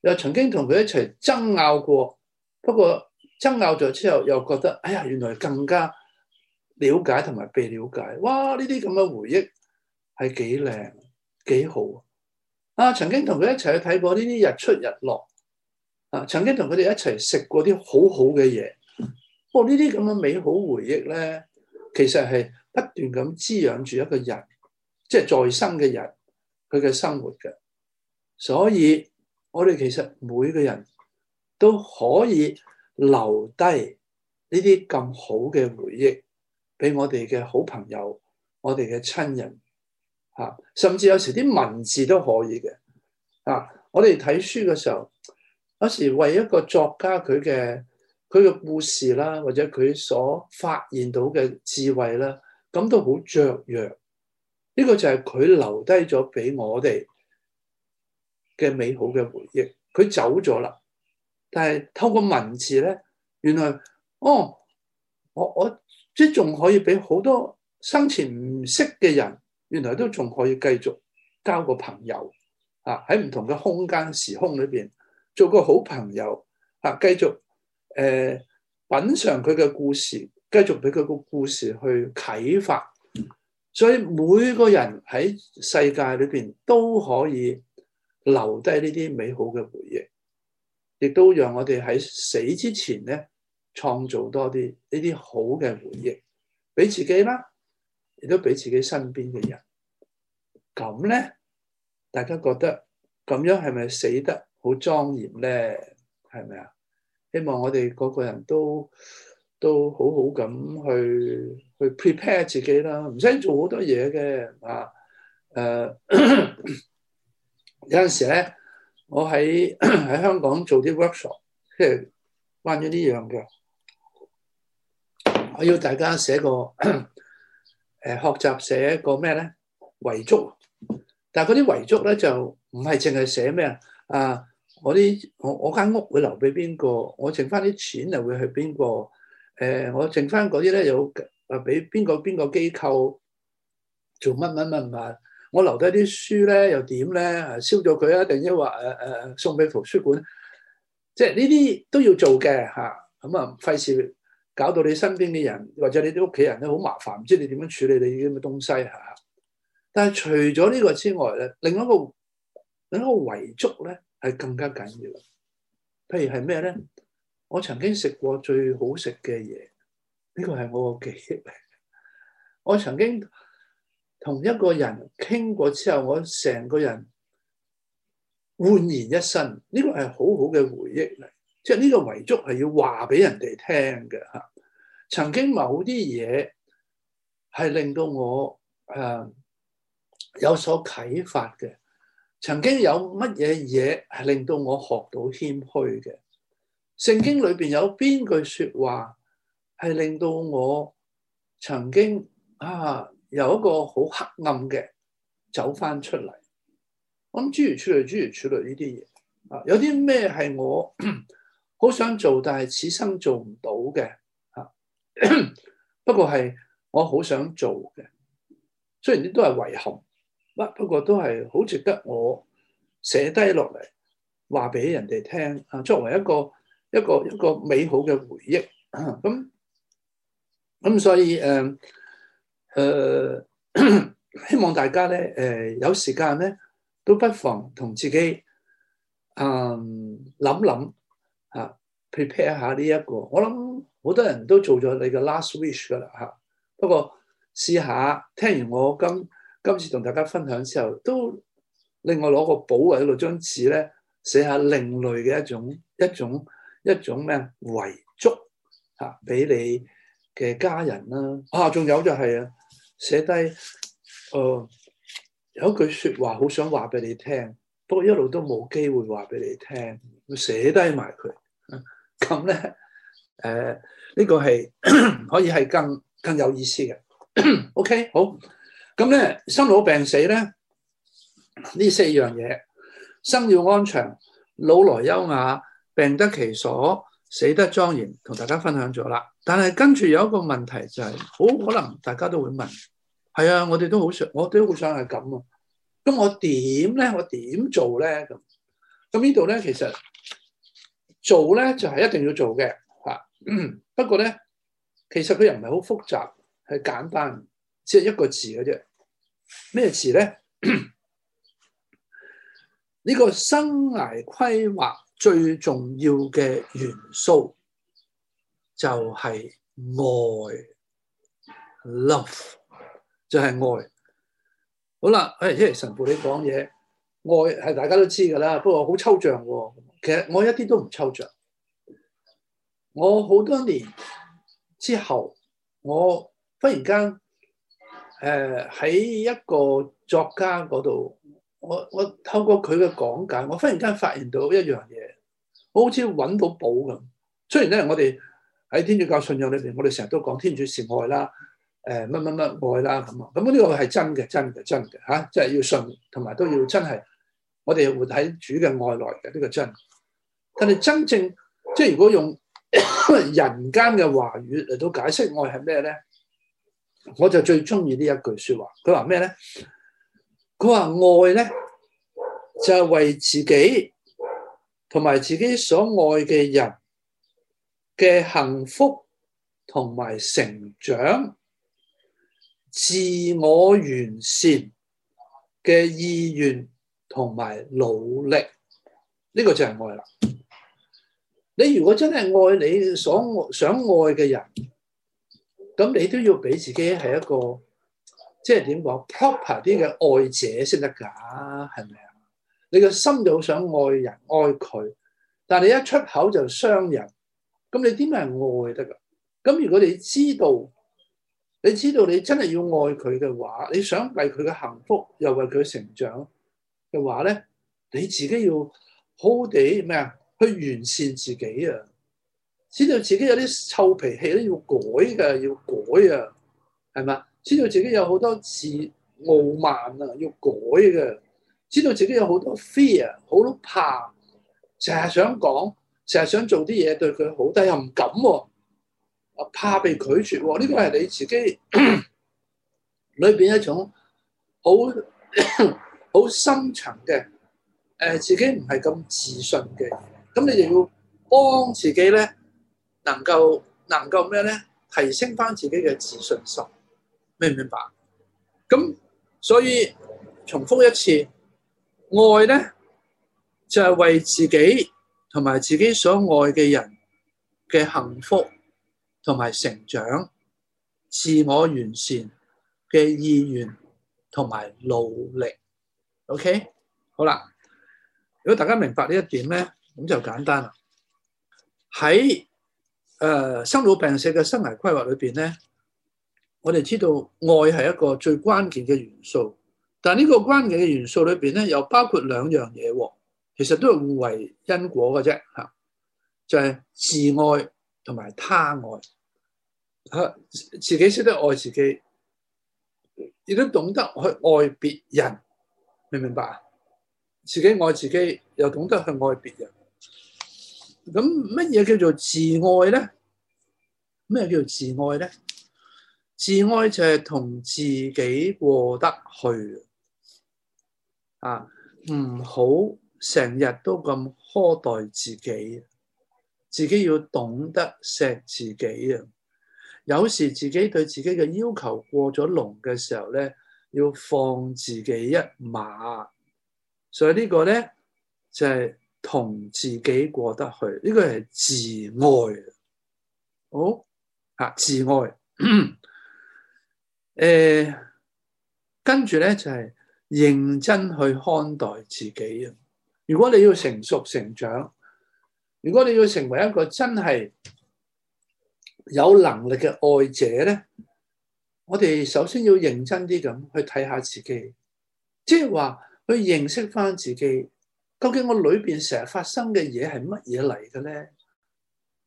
又曾經同佢一齊爭拗過。不過爭拗咗之後又覺得，哎呀，原來更加了解同埋被了解。哇！呢啲咁嘅回憶係幾靚幾好啊！曾經同佢一齊去睇過呢啲日出日落啊！曾經同佢哋一齊食過啲好好嘅嘢。不過呢啲咁嘅美好回憶咧，其實係不斷咁滋養住一個人，即係在生嘅人佢嘅生活嘅。所以我哋其實每個人都可以留低呢啲咁好嘅回憶，俾我哋嘅好朋友、我哋嘅親人。甚至有時啲文字都可以嘅。啊，我哋睇書嘅時候，有時為一個作家佢嘅佢嘅故事啦，或者佢所發現到嘅智慧啦，感到好雀躍。呢個就係佢留低咗俾我哋嘅美好嘅回憶。佢走咗啦，但係透過文字咧，原來哦，我我即仲可以俾好多生前唔識嘅人。原來都仲可以繼續交個朋友啊！喺唔同嘅空間時空裏邊做個好朋友啊，繼續誒、呃、品嘗佢嘅故事，繼續俾佢個故事去啟發。所以每個人喺世界裏邊都可以留低呢啲美好嘅回憶，亦都讓我哋喺死之前咧創造多啲呢啲好嘅回憶俾自己啦。亦都俾自己身邊嘅人，咁咧，大家覺得咁樣係咪死得好莊嚴咧？係咪啊？希望我哋個個人都都好好咁去去 prepare 自己啦，唔使做好多嘢嘅啊！誒、呃， 有陣時咧，我喺喺 香港做啲 workshop，即係關於呢樣嘅，我要大家寫個。 誒學習寫一個咩咧遺囑，但係嗰啲遺囑咧就唔係淨係寫咩啊？啊，我啲我我間屋會留俾邊個？我剩翻啲錢又會去邊個？誒、啊，我剩翻嗰啲咧又誒俾邊個邊個機構做乜乜乜乜？我留低啲書咧又點咧？燒咗佢啊！定抑或誒誒、呃呃、送俾圖書館？即係呢啲都要做嘅嚇，咁啊費事。搞到你身邊嘅人，或者你啲屋企人都好麻煩，唔知你點樣處理你呢啲咁嘅東西嚇。但係除咗呢個之外咧，另一個另一個遺囑咧係更加緊要。譬如係咩咧？我曾經食過最好食嘅嘢，呢個係我嘅記憶嚟嘅。我曾經同一個人傾過之後，我成個人煥然一新。呢個係好好嘅回憶嚟，即係呢個遺囑係要話俾人哋聽嘅嚇。曾經某啲嘢係令到我誒有所啟發嘅。曾經有乜嘢嘢係令到我學到謙虛嘅？聖經裏邊有邊句說話係令到我曾經啊有一個好黑暗嘅走翻出嚟？咁諸如此類，諸如此類呢啲嘢啊，有啲咩係我好想做但係此生做唔到嘅？ 不過係我好想做嘅，雖然呢都係遺憾，乜不過都係好值得我寫低落嚟，話俾人哋聽啊，作為一個一個一個美好嘅回憶。咁咁 所以誒誒、呃， 希望大家咧誒、呃、有時間咧都不妨同自己嗯諗、呃、諗吓、啊、prepare 下呢、這、一個，我諗。好多人都做咗你嘅 last wish 噶啦吓，不過試下聽完我今今次同大家分享之後，都令我攞個簿喺度，張紙咧寫下另類嘅一種一種一種咩遺囑吓，俾你嘅家人啦。啊，仲、啊、有就係啊，寫低誒有一句說話好想話俾你聽，不過一路都冇機會話俾你聽，寫低埋佢咁咧。啊。誒，呢、呃這個係 可以係更更有意思嘅。 OK，好。咁咧，生老病死咧呢四樣嘢，生要安詳，老來優雅，病得其所，死得莊嚴，同大家分享咗啦。但係跟住有一個問題就係、是，好、哦、可能大家都會問，係啊，我哋都好想，我都好想係咁啊。咁我點咧？我點做咧？咁咁呢度咧，其實做咧就係、是、一定要做嘅。 不過咧，其實佢又唔係好複雜，係簡單，只係一個字嘅啫。咩詞咧？呢、 呢個生涯規劃最重要嘅元素就係愛，Love 就係愛。好啦，誒、哎，即係神父你講嘢，愛係大家都知噶啦。不過好抽,抽象，其實我一啲都唔抽象。我好多年之後，我忽然間誒喺、呃、一個作家嗰度，我我透過佢嘅講解，我忽然間發現到一樣嘢，我好似揾到寶咁。雖然咧，我哋喺天主教信仰裏邊，我哋成日都講天主是愛啦，誒乜乜乜愛啦咁啊，咁呢個係真嘅，真嘅，真嘅嚇，即係要信同埋都要真係，我哋活喺主嘅愛內嘅呢個真。但係真正即係如果用。人間嘅話語嚟到解釋愛係咩咧？我就最中意呢一句說話。佢話咩咧？佢話愛咧就係為自己同埋自己所愛嘅人嘅幸福同埋成長、自我完善嘅意願同埋努力，呢個就係愛啦。你如果真係愛你所想愛嘅人，咁你都要俾自己係一個即係點講 proper 啲嘅愛者先得噶，係咪啊？你個心就好想愛人愛佢，但係你一出口就傷人，咁你點樣愛得噶？咁如果你知道，你知道你真係要愛佢嘅話，你想為佢嘅幸福又為佢成長嘅話咧，你自己要好好地咩啊？去完善自己啊！知道自己有啲臭脾氣都要改嘅，要改啊，係咪？知道自己有好多自傲慢啊，要改嘅。知道自己有好多 fear，好多怕，成日想講，成日想做啲嘢對佢好，但係又唔敢喎、啊，怕被拒絕喎、啊。呢個係你自己裏 邊一種好好 深層嘅，誒、呃，自己唔係咁自信嘅。咁你就要幫自己咧，能夠能夠咩咧？提升返自己嘅自信心，明唔明白？咁所以重複一次，愛咧就係為自己同埋自己所愛嘅人嘅幸福同埋成長、自我完善嘅意願同埋努力。OK，好啦，如果大家明白呢一點咧？咁就簡單啦。喺誒、呃、生老病死嘅生涯規劃裏邊咧，我哋知道愛係一個最關鍵嘅元素。但係呢個關鍵嘅元素裏邊咧，又包括兩樣嘢，哦，其實都係互為因果嘅啫。嚇，就係、是、自愛同埋他愛。嚇，自己識得愛自己，亦都懂得去愛別人，明唔明白啊？自己愛自己，又懂得去愛別人。咁乜嘢叫做自愛咧？咩叫做自愛咧？自愛就係同自己過得去啊，唔好成日都咁苛待自己，自己要懂得錫自己啊。有時自己對自己嘅要求過咗籠嘅時候咧，要放自己一馬。所以呢個咧就係。同自己過得去，呢個係自愛。好啊，自愛。誒，跟住咧就係、是、認真去看待自己啊。如果你要成熟成長，如果你要成為一個真係有能力嘅愛者咧，我哋首先要認真啲咁去睇下自己，即係話去認識返自己。究竟我裏邊成日發生嘅嘢係乜嘢嚟嘅咧？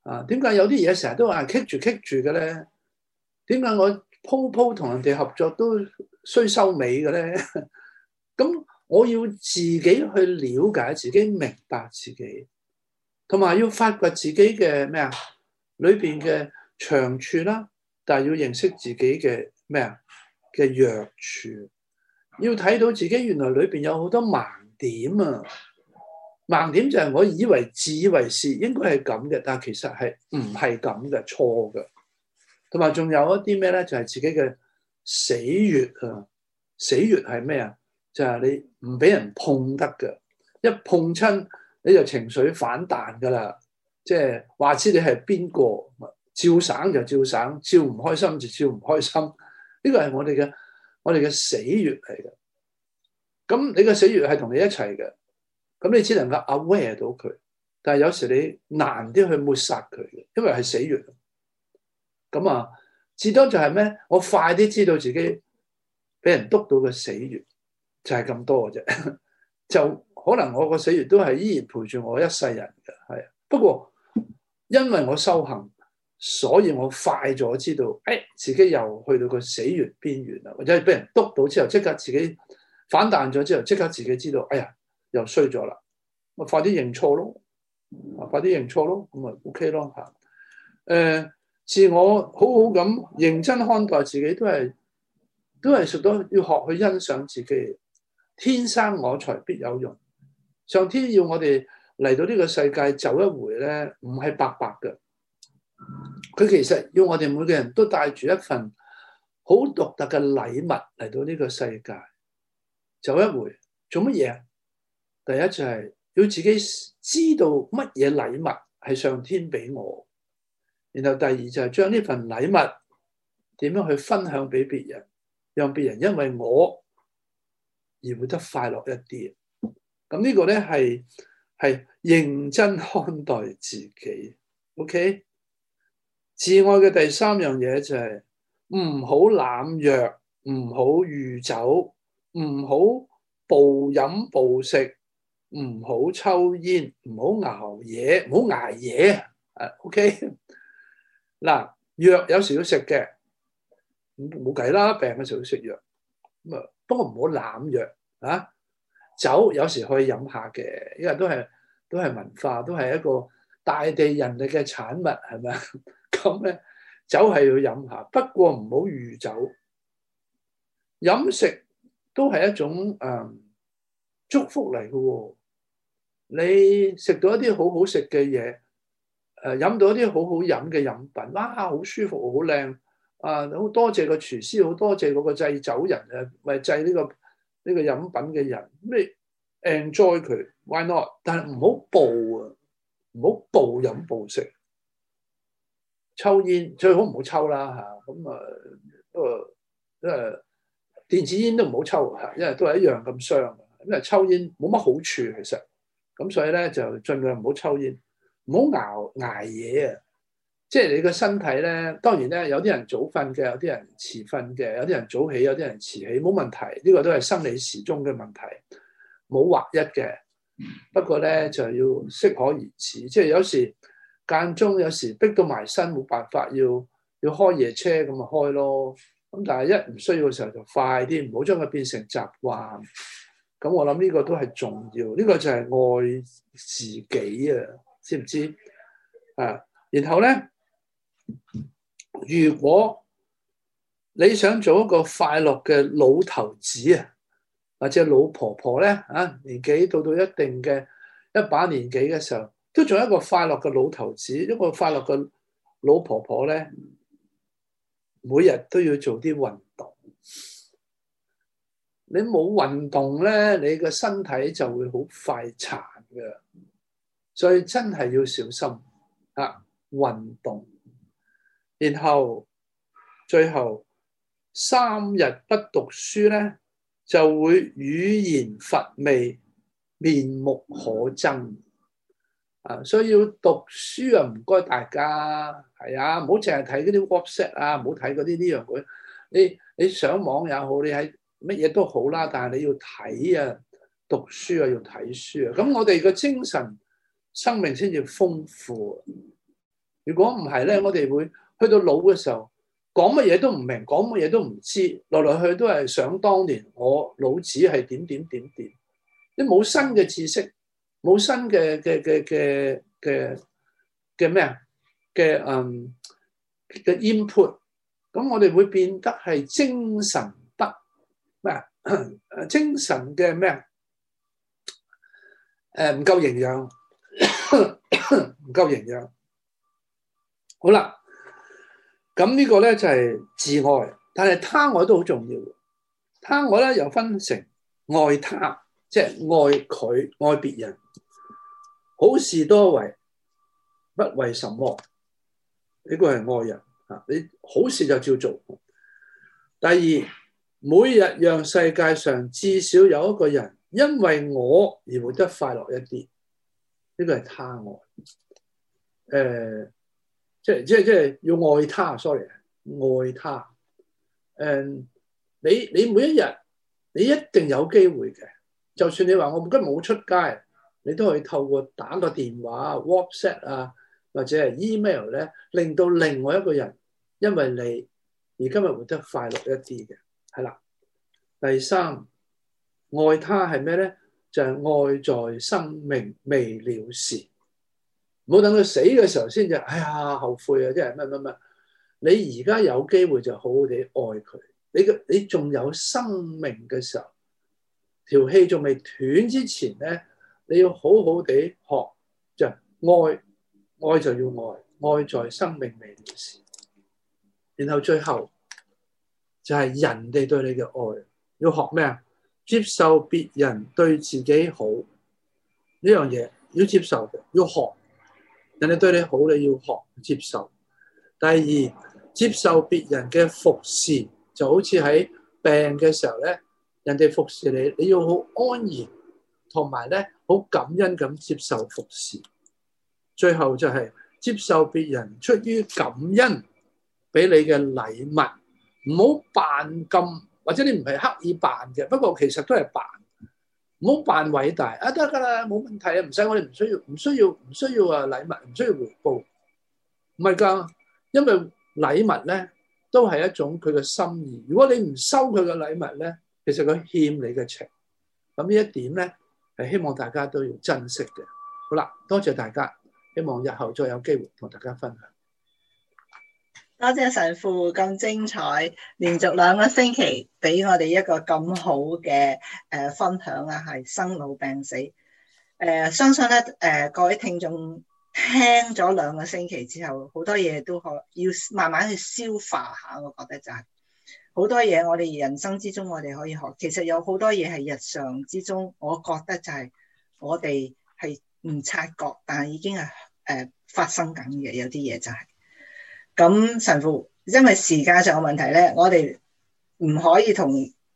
啊，點解有啲嘢成日都話棘住棘住嘅咧？點解我鋪鋪同人哋合作都衰收尾嘅咧？咁 我要自己去了解自己，明白自己，同埋要發掘自己嘅咩啊？裏邊嘅長處啦，但係要認識自己嘅咩啊？嘅弱處，要睇到自己原來裏邊有好多盲點啊！盲點就係我以為，自以為是應該係咁嘅，但係其實係唔係咁嘅，錯嘅。同埋仲有一啲咩咧？就係自己嘅死穴啊！死穴係咩啊？就係你唔俾人碰得嘅，一碰親你就情緒反彈噶啦。即係話知你係邊個，照省就照省，照唔開心就照唔開心。呢個係我哋嘅我哋嘅死穴嚟嘅。咁你嘅死穴係同你一齊嘅。咁你只能夠 aware 到佢，但係有時你難啲去抹殺佢嘅，因為係死穴。咁啊，至多就係咩？我快啲知道自己俾人督到個死穴，就係、是、咁多嘅啫。 就可能我個死穴都係依然陪住我一世人嘅，係啊。不過因為我修行，所以我快咗知道，誒、哎、自己又去到個死穴邊緣啦，或者係俾人督到之後，即刻自己反彈咗之後，即刻自己知道，哎呀！又衰咗啦！咪快啲認錯咯，快啲認錯咯，咁咪 OK 咯吓。誒、呃，自我好好咁認真看待自己都，都係都係學到要學去欣賞自己。天生我材必有用，上天要我哋嚟到呢個世界走一回咧，唔係白白嘅。佢其實要我哋每個人都帶住一份好獨特嘅禮物嚟到呢個世界，走一回做乜嘢？第一就係要自己知道乜嘢禮物係上天俾我，然後第二就係將呢份禮物點樣去分享俾別人，讓別人因為我而活得快樂一啲。咁、嗯這個、呢個咧係係認真看待自己。O、okay? K，自愛嘅第三樣嘢就係、是、唔好濫藥，唔好酗酒，唔好暴飲暴食。唔好抽煙，唔好熬夜，唔好捱嘢。OK? 啊！OK。嗱，藥有時要食嘅，冇計啦，病嘅時候要食藥。咁啊，不過唔好濫藥啊。酒有時可以飲下嘅，因為都係都係文化，都係一個大地人類嘅產物，係咪咁咧，酒係要飲下，不過唔好酗酒。飲食都係一種誒、嗯、祝福嚟嘅喎。你食到一啲好好食嘅嘢，誒、呃，飲到一啲好好飲嘅飲品，哇、啊，好舒服，呃呃，這個這個啊、步步好靚，啊，好多謝個廚師，好多謝嗰個製酒人啊，為製呢個呢個飲品嘅人，咩 enjoy 佢，why not？但係唔好暴啊，唔好暴飲暴食，抽煙最好唔好抽啦吓，咁啊，都係都係電子煙都唔好抽吓，啊，因為都係一樣咁傷，因為抽煙冇乜好處其實。咁所以咧就儘量唔好抽煙，唔好熬捱嘢。啊！即係你個身體咧，當然咧有啲人早瞓嘅，有啲人遲瞓嘅，有啲人早起，有啲人遲起，冇問題。呢個都係生理時鐘嘅問題，冇劃一嘅。不過咧就要適可而止，即係有時間中，有時逼到埋身冇辦法要，要要開夜車咁咪開咯。咁但係一唔需要嘅時候就快啲，唔好將佢變成習慣。咁我諗呢個都係重要，呢個就係愛自己啊，知唔知？啊，然後咧，如果你想做一個快樂嘅老頭子啊，或者老婆婆咧，啊，年紀到到一定嘅一把年紀嘅時候，都做一個快樂嘅老頭子，一個快樂嘅老婆婆咧，每日都要做啲運動。你冇運動咧，你個身體就會好快殘嘅，所以真係要小心嚇、啊、運動。然後最後三日不讀書咧，就會語言乏味、面目可憎啊！所以要讀書啊，唔該大家，係啊，唔好淨係睇嗰啲 WhatsApp 啊，唔好睇嗰啲呢樣嗰樣，你你上網也好，你喺～乜嘢都好啦，但係你要睇啊，讀書啊，要睇書啊。咁我哋個精神生命先至豐富啊。如果唔係咧，我哋會去到老嘅時候，講乜嘢都唔明，講乜嘢都唔知，來來去去都係想當年我老子係點點點點。你冇新嘅知識，冇新嘅嘅嘅嘅嘅嘅咩啊？嘅嗯嘅 input。咁我哋會變得係精神。咩？精神嘅咩？誒、呃，唔夠營養，唔夠營養。好啦，咁呢個咧就係、是、自愛，但係他愛都好重要。他愛咧又分成愛他，即、就、係、是、愛佢，愛別人。好事多為，不為什麼？呢個係愛人啊！你好事就照做。第二。每日讓世界上至少有一個人因為我而活得快樂一啲，呢個係他愛，誒、呃，即係即係即係要愛他。Sorry，愛他。誒、呃，你你每一日你一定有機會嘅，就算你話我今日冇出街，你都可以透過打個電話啊、WhatsApp 啊或者係 email 咧，令到另外一個人因為你而今日活得快樂一啲嘅。係啦，第三愛他係咩咧？就係、是、愛在生命未了時，唔好等佢死嘅時候先就哎呀後悔啊！即係咩咩咩，你而家有機會就好好地愛佢，你個你仲有生命嘅時候，條氣仲未斷之前咧，你要好好地學就是、愛，愛就要愛，愛在生命未了時，然後最後。就係人哋對你嘅愛，要學咩啊？接受別人對自己好呢樣嘢，要接受嘅，要學人哋對你好，你要學接受。第二，接受別人嘅服侍，就好似喺病嘅時候咧，人哋服侍你，你要好安然，同埋咧好感恩咁接受服侍。最後就係、是、接受別人出於感恩俾你嘅禮物。唔好扮咁，或者你唔係刻意扮嘅，不過其實都係扮。唔好扮偉大啊，得㗎啦，冇問題啊，唔使，我哋唔需要，唔需要，唔需要啊禮物，唔需要回報，唔係㗎，因為禮物咧都係一種佢嘅心意。如果你唔收佢嘅禮物咧，其實佢欠你嘅情。咁呢一點咧係希望大家都要珍惜嘅。好啦，多謝大家，希望日後再有機會同大家分享。多謝神父咁精彩，連續兩個星期俾我哋一個咁好嘅誒分享啊，係生老病死。誒，相信咧，誒，各位聽眾聽咗兩個星期之後，好多嘢都可要慢慢去消化下。我覺得就係好多嘢，我哋人生之中，我哋可以學。其實有好多嘢係日常之中，我覺得就係我哋係唔察覺，但係已經係誒發生緊嘅，有啲嘢就係。咁神父，因為時間上嘅問題咧，我哋唔可以同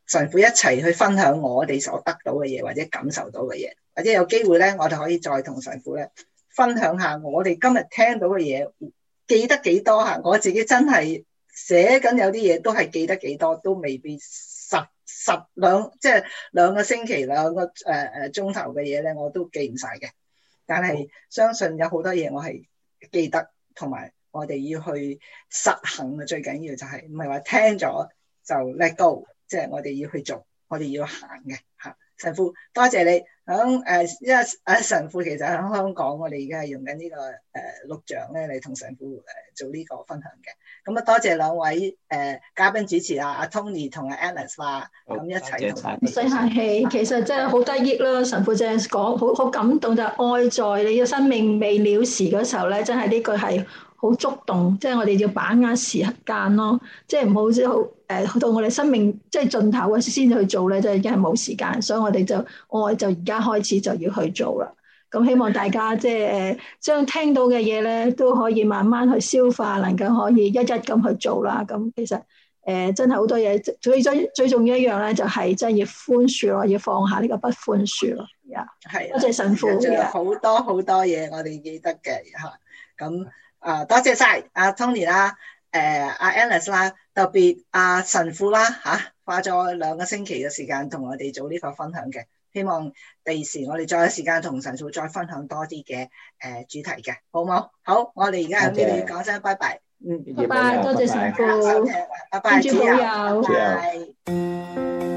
神父一齊去分享我哋所得到嘅嘢，或者感受到嘅嘢。或者有機會咧，我哋可以再同神父咧分享下我哋今日聽到嘅嘢，記得幾多吓？我自己真係寫緊有啲嘢都係記得幾多，都未必十十兩，即係兩個星期兩個誒誒鐘頭嘅嘢咧，我都記唔晒嘅。但係相信有好多嘢我係記得，同埋。就是、我哋要去實行嘅，最緊要就係唔係話聽咗就 Let Go，即係我哋要去做，我哋要行嘅嚇。神父，多謝你響誒，因為誒神父其實喺香港，我哋而家係用緊呢個誒錄像咧嚟同神父誒做呢個分享嘅。咁啊，多謝兩位誒、呃、嘉賓主持啊，阿 Tony 同阿 Alice 啦，咁、啊謝啊、一齊唔使客氣，啊、其實真係好得益啦。神父正講好好感動就係、愛在你嘅生命未了時嗰時候咧，真係呢句係。好觸動，即係我哋要把握時間咯，即係唔好好誒，到我哋生命即係盡頭啊先去做咧，就已經係冇時間，所以我哋就我就而家開始就要去做啦。咁希望大家即係誒，將聽到嘅嘢咧都可以慢慢去消化，能夠可以一一咁去做啦。咁其實誒、呃、真係好多嘢，最最重要一樣咧就係真係要寬恕咯，要放下呢個不寬恕咯。係、yeah, 啊的，多謝神父嘅好多好多嘢，我哋記得嘅嚇咁。Uh, 啊, Tony, 啊，多、啊、謝晒阿 Tony 啦，誒阿 Alice 啦、啊，特別阿、啊、神父啦嚇、啊，花咗兩個星期嘅時間同我哋做呢個分享嘅，希望第時我哋再有時間同神父再分享多啲嘅誒主題嘅，好唔好？好，我哋而家咁樣講聲拜拜。嗯，拜拜，多謝神父，拜拜。朋友。由